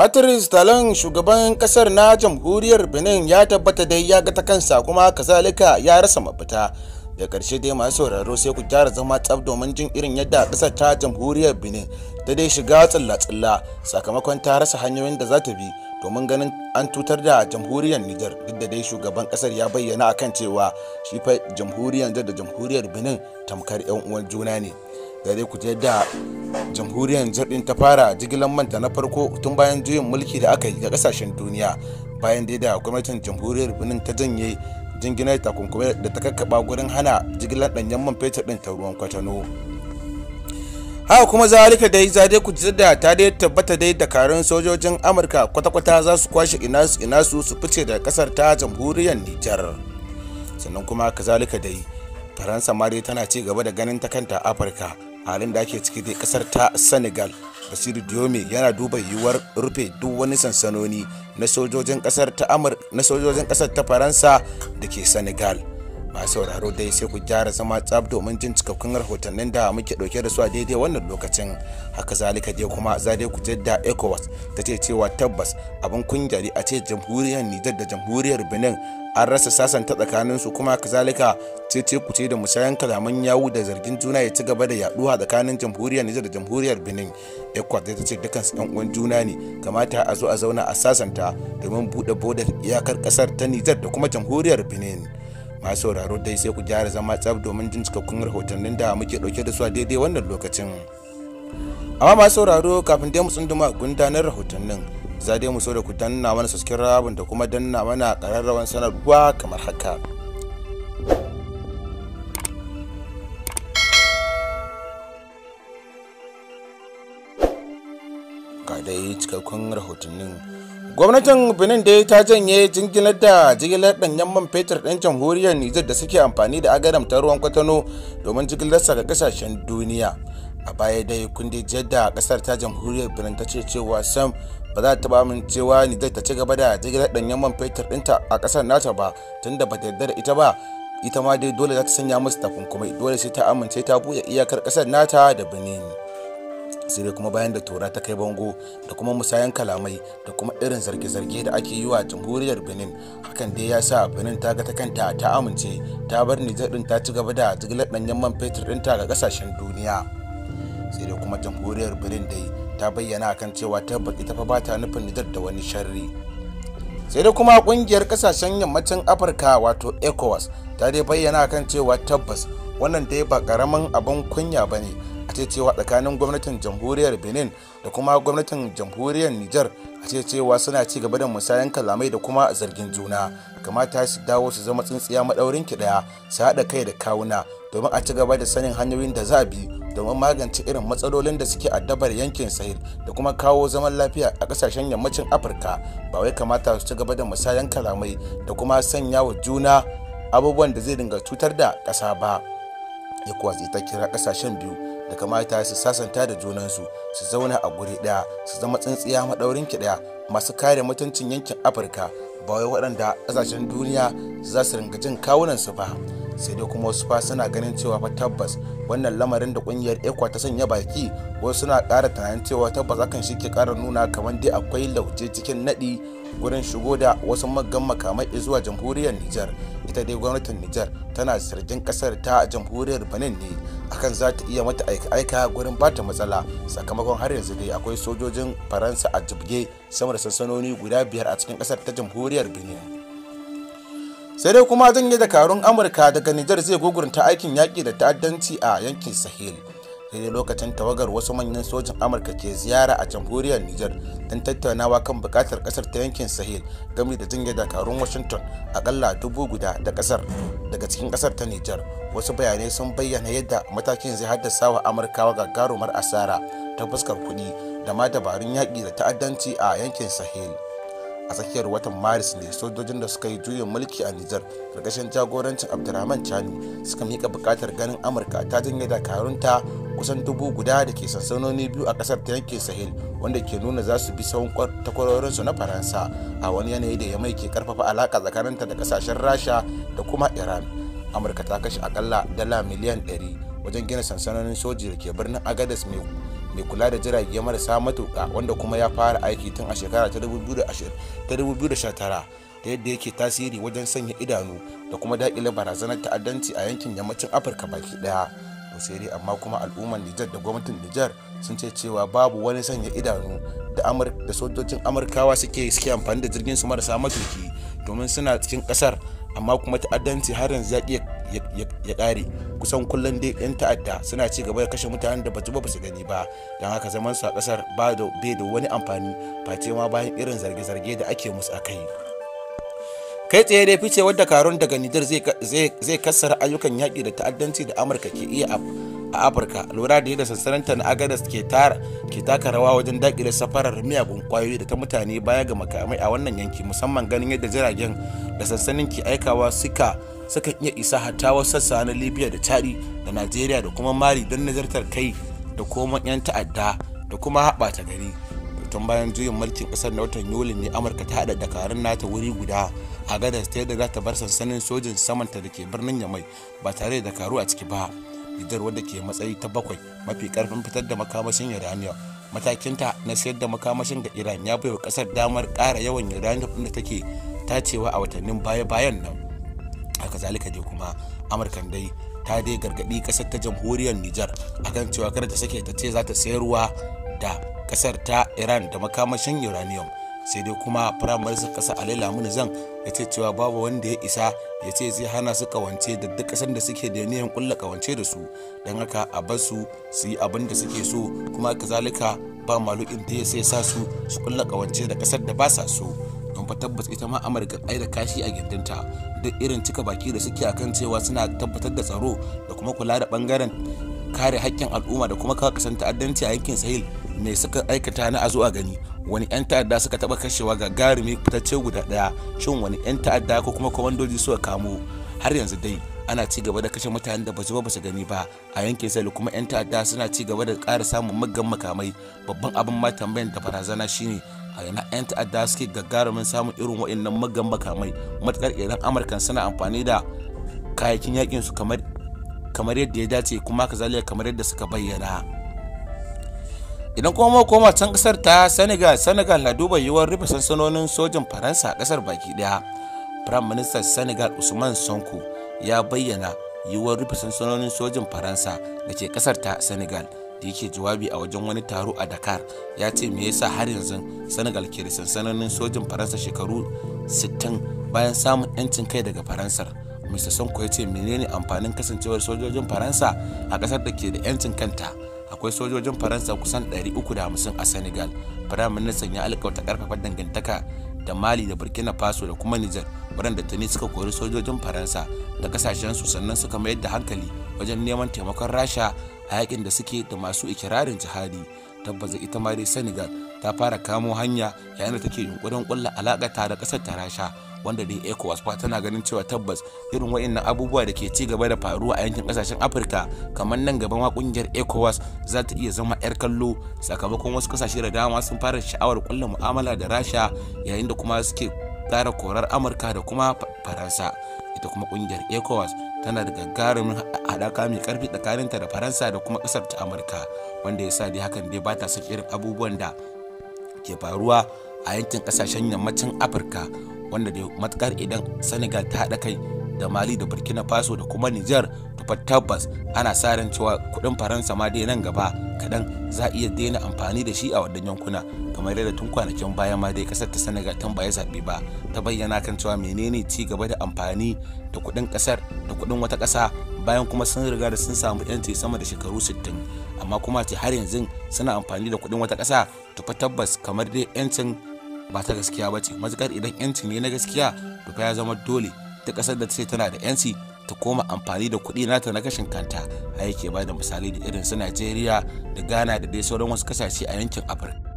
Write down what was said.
patrice talon shugaban kasar na jamhuriyar benin ya tabbata dai ya ga ta kansa kuma kazalika ya rasa mafita da karshe dai masu sauraro sai ku gyara zama tsaf domin jin irin yadda kasar ta jamhuriyar benin ta dai shiga tsilla-tsilla sakamakon ta rasa hanyoyin da za ta bi domin ganin an tutar da jamhuriyar niger duk da dai shugaban kasar ya bayyana akan cewa shi fa jamhuriyar da jamhuriyar benin tamkar 'yan uwan juna ne gare ku da jamhuriyar jirgin ta fara jigilar manta na farko tun bayan juyin mulki da aka yi ga kasashen duniya bayan da gwamnatin jamhuriyar benin ta janye jinginar takunkumai da ta kakkaba gurin hana jigilar danyen man fetur din ta ruwan kwatano haka kuma zalika dai zade ku da ta dai tabbata dai dakarun sojojin amurka kwata-kwata za su kwashe inasu inasu su fice da kasar ta jamhuriyar nijar sannan kuma da dai faransa ma dai tana ci gaba da ganin ta kanta afirka halin da ake ciki dai kasar ta senegal basiru diome yana duba yiwuwar rufe duk wani sansanoni na sojojin kasar ta faransa da ke senegal ba sauraro dai sai ku gyara zama tsab domin jin cikakkun rahotannin da muke dauke da su a daidai wannan lokacin haka zalika dai kuma za dai ku jadda ecowas ta ce cewa tabbas abin kungiyar a ce jamhuriyar nijar da jamhuriyar benin an rasa sasanta tsakaninsu kuma kazalika ku ce da musayan kalaman yawu da zargin juna ya ci gaba da yaduwa tsakanin jamhuriyar Nijar da jamhuriyar Benin ecowas zai ta ce dukkan su uwan juna ne kamata a zo a zauna a sasanta domin buɗe bodar iyakar ƙasar ta Nijar da kuma jamhuriyar Benin masu sauraro dai sai ku gyara zama tsaf domin jin cikakkun rahotannin da muke dauke da su a daidai wannan lokacin amma masu sauraro kafin dai mu tsunduma gundanar rahotannin za dai mu so da ku danna mana sasken rabin da kuma danna mana kararrawan sanarwa kamar haka ga dai cikakkun rahotannin gwamnatin benin dai ta janye jingilar da jigilar danyen man fetur ɗin jamhuriyar nijar da suke amfani da agadam ta ruwan kwatano domin jigilarsa ga kasashen duniya a baya dai kundi da kasar ta jamhuriyar benin ta ce cewa sam ba za ta taɓa cewa nijar ta ci gaba da jigilar danyen man fetur ɗinta a kasar nata ba tunda ba ta yarda da ita ba ita ma dai dole za ta sanya musu kuma dole sai ta amince ta buɗe iyakar kasar nata da benin sai dai kuma bayan da tora ta kai bango da kuma musayan kalamai da kuma irin zarge-zarge da ake yi wa jamhuriyar benin hakan dai ya sa benin ta ga ta kanta ta amince ta bar nijar din ta ci gaba da jigilar danyen man fetur ɗinta ga ƙasashen duniya sai dai kuma jamhuriyar benin dai ta bayyana kan cewa ta baki ta fa ba ta nufin nijar da wani sharri sai dai kuma kungiyar kasashen yammacin afirka wato ecowas ta dai bayyana kan cewa tabbas wannan dai ba karamin abin kunya ba ne ce cewa tsakanin gwamnatin jamhuriyar benin da kuma gwamnatin jamhuriyar niger a ce cewa suna ci gaba da musayan kalamai da kuma zargin juna kamata su dawo su zama tsintsiya maɗaurin ki ɗaya su haɗa kai da kawuna domin a ci gaba da sanin hanyoyin da za a bi domin magance irin matsalolin da suke addabar yankin sahel da kuma kawo zaman lafiya a kasashen yammacin afirka ba wai kamata su ci gaba da musayan kalamai da kuma sanya wa juna abubuwan da zai dinga cutar da ƙasa ba ya zai ta kira kasashen biyu da kamata su sasanta da junansu su zauna a guri ɗaya su zama tsintsiya maɗaurin ki ɗaya masu kare mutuncin yankin afirka ba wai waɗanda ƙasashen duniya za su ringa jin kawunansu ba sai dai kuma wasu fa suna ganin cewa fa tabbas wannan lamarin da kungiyar ekwa ta sanya baki wasu suna kara tunanin cewa tabbas akan shi ke kara nuna kamar dai akwai lauje cikin nadi gurin shigo da wasu maggan makamai zuwa jamhuriyar nijar ita dai gwamnatin nijar tana sarkin kasar ta jamhuriyar benin ne akan za ta iya mata aika-aika gurin bata matsala sakamakon har yanzu dai akwai sojojin faransa a jibge sama da sansanoni guda biyar a cikin kasar ta jamhuriyar benin sai dai kuma da dakarun amurka daga nijar zai gugurta aikin yaƙi da ta'addanci a yankin sahel sai dai lokacin tawagar wasu manyan sojin amurka ke ziyara a jamhuriyar nijar don tattaunawa kan buƙatar ƙasar ta yankin sahel gami da da dakarun washington akalla dubu guda da ƙasar daga cikin ƙasar ta nijar wasu bayanai sun bayyana yadda matakin zai haddasa wa amurkawa gagarumar asara ta fuskar kuɗi da ma dabarun yaƙi da ta'addanci a yankin sahel a tsakiyar watan maris ne sojojin da suka yi juyin mulki a nijar karkashin jagorancin abdurrahman chani suka mika bukatar ganin amurka ta janye dakarunta kusan dubu guda da ke sansanoni biyu a kasar ta yankin sahel wanda ke nuna za su bi sahun takwarorinsu na faransa a wani yanayi da ya mai ke karfafa alaka tsakaninta da kasashen rasha da kuma iran amurka ta kashe akalla dala miliyan 100 wajen gina sansanonin soji da ke birnin agadas mai mai kula da jirage marasa matuka wanda kuma ya fara aiki tun a shekara ta 2019 da yadda yake tasiri wajen sanya idanu da kuma daƙile barazanar ta'addanci a yankin yammacin afirka baki daya to sai dai amma kuma al'ummar nijar da gwamnatin nijar sun ce cewa babu wani sanya idanu da sojojin amurkawa suke suke amfani da jirgin su marasa matuki domin suna cikin kasar amma kuma ta'addanci har yanzu ya ya ƙare kusan kullum dai 'yan ta'adda suna ci gaba da kashe mutanen da batu ba su gani ba don haka zaman su a ƙasar bai da wani amfani face ma bayan irin zarge-zarge da ake musu a kai kai tsaye dai fice wadda karon daga nijar zai kassara ayyukan yaƙi da ta'addanci da amurka ke iya a afirka lura da yadda ta na agadas ke taka rawa wajen dakile safarar miyagun kwayoyi da ta mutane baya ga makamai a wannan yanki musamman ganin yadda jiragen da sansanin ke aikawa suka sukan iya isa hatta wasu sassa na libya da chadi da najeriya da kuma mali don nazartar kai da koma 'yan ta'adda da kuma haɓata gari tun bayan juyin mulkin kasar na watan yuli ne amurka ta haɗa dakarun nata wuri guda a gadar ta yadda za ta bar sansanin sojin samanta da ke birnin yamai ba tare da dakaru a ciki ba idar wadda ke matsayi ta bakwai mafi karfin fitar da makamashin uranium matakinta na sayar da makamashin ga iran ya baiwa kasar damar ƙara yawan uranium da take tacewa a watannin baya-bayan nan a zalika dai kuma amurkan dai ta dai gargaɗi ƙasar ta jamhuriyar nijar akan cewa kada ta sake ta ce za ta sayarwa da ƙasar ta iran da makamashin uranium sai dai kuma firamarsa kasa alai lamuni zan ya ce cewa babu wanda ya isa ya ce zai hana su kawance da duk ƙasar da suke da niyan kulla kawance da su don haka a bar su su yi abin da suke so kuma kazalika ba malu'in da ya sai sa su su kulla kawance da kasar da ba sa so don fa tabbas ita ma amurka ai da kashi a gindinta duk irin cika baki da suke a kan cewa suna tabbatar da tsaro da kuma kula da bangaren kare haƙƙin al'umma da kuma kawo kasan ta'addanci a yankin sahil ne suka aikata na a zuwa gani wani 'yan ta'adda suka taɓa kashewa ga garumi fitacce guda ɗaya shin wani 'yan ta'adda ko kuma kwamandoji suka kamo har yanzu dai ana ci gaba da kashe mutanen da basu ba su gani ba a yankin sahel kuma 'yan ta'adda suna ci gaba da ƙara samun muggan makamai babban abin ma tambayan da barazana shine a yana 'yan ta'adda suke gagarumin samun irin waɗannan magan makamai matuƙar idan amurkan suna amfani da kayakin yakin su kamar yadda ya dace kuma kazalika kamar yadda suka bayyana idan kuma koma can kasar ta senegal senegal na duba yiwuwar rufe sansanonin sojin faransa a kasar baki daya prime minister senegal usman sonko ya bayyana yiwuwar rufe sansanonin sojin faransa da ke kasar ta senegal da yake jawabi a wajen wani taro a dakar ya ce me yasa har yanzu senegal ke da sansanonin sojin faransa shekaru 60 bayan samun 'yancin kai daga faransar mr sonko ya ce menene amfanin kasancewar sojojin faransa a kasar da ke da 'yancin kanta akwai sojojin faransa kusan 350 a senegal firayim ministan ya alkawta karfafa dangantaka da mali da burkina faso da kuma niger waɗanda tuni suka kori sojojin faransa da kasashensu sannan suka mayar da hankali wajen neman taimakon rasha a yakin da suke da masu ikirarin jihadi tabbas ita ma dai senegal ta fara kamo hanya yayin da take yunkurin kulla alaka ta da kasar tarasha wanda dai ecowas fa tana ganin cewa tabbas irin wa'annan abubuwa da ke ci gaba da faruwa a yankin kasashen afirka kamar nan gaba ma kungiyar ecowas za ta iya zama yar kallo sakamakon wasu kasashe da dama sun fara sha'awar kulla mu'amala da rasha yayin da kuma suke tsara korar amurka da kuma faransa ita kuma kungiyar ecowas tana da gagarumin haɗaka mai karfi tsakaninta da faransa da kuma ƙasar ta amurka wanda ya sa dai hakan dai ba ta son irin abubuwan da ke faruwa a yankin ƙasashen yammacin afirka wanda dai matukar idan senegal ta haɗa kai da mali da burkina faso da kuma niger fa tabbas ana sa ran cewa kuɗin faransa ma dai nan gaba kaɗan za a iya daina amfani da shi a wadannan yankuna kamar yadda tun kwanakin baya ma dai ƙasar ta senegal tan baya zaɓe ba ta bayyana kan cewa menene ci gaba da amfani da kuɗin ƙasar da kuɗin wata ƙasa bayan kuma sun riga da sun samu yanci sama da shekaru 60 amma kuma ce har yanzu suna amfani da kuɗin wata ƙasa to fa tabbas kamar dai yancin ba ta gaskiya ba ce matuƙar idan 'yancin ne na gaskiya to fa ya zama dole ta ƙasar da ta ce tana da yanci ta koma amfani da kuɗi nata na kashin kanta a yake ba da misali da irin su najeriya da ghana da dai sauran wasu kasashe a yankin afirka